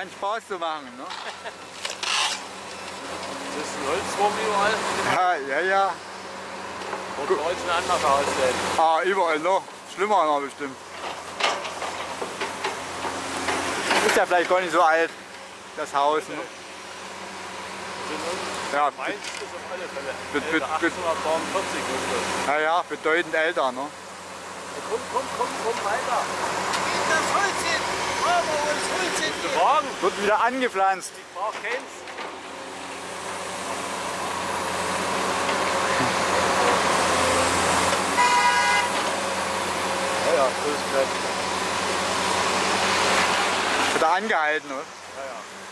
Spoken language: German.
Scheint Spaß zu machen, ne? Das ist ein Holzwurm überall. Ja, ja, ja. Und bei uns eine andere ausstellen. Ah, überall noch. Ne? Schlimmer noch bestimmt. Ist ja vielleicht gar nicht so alt, das Haus. Ne? Ja, Meins ist auf alle Fälle. Be be 1840 ist das. Naja, bedeutend älter, ne? Komm, komm, komm, komm weiter das Holz Bravo, das Holz Guten Morgen! Wird wieder angepflanzt. Ich brauch keins. Ja, ja, das ist gleich. Wird er angehalten, oder? Ja, ja.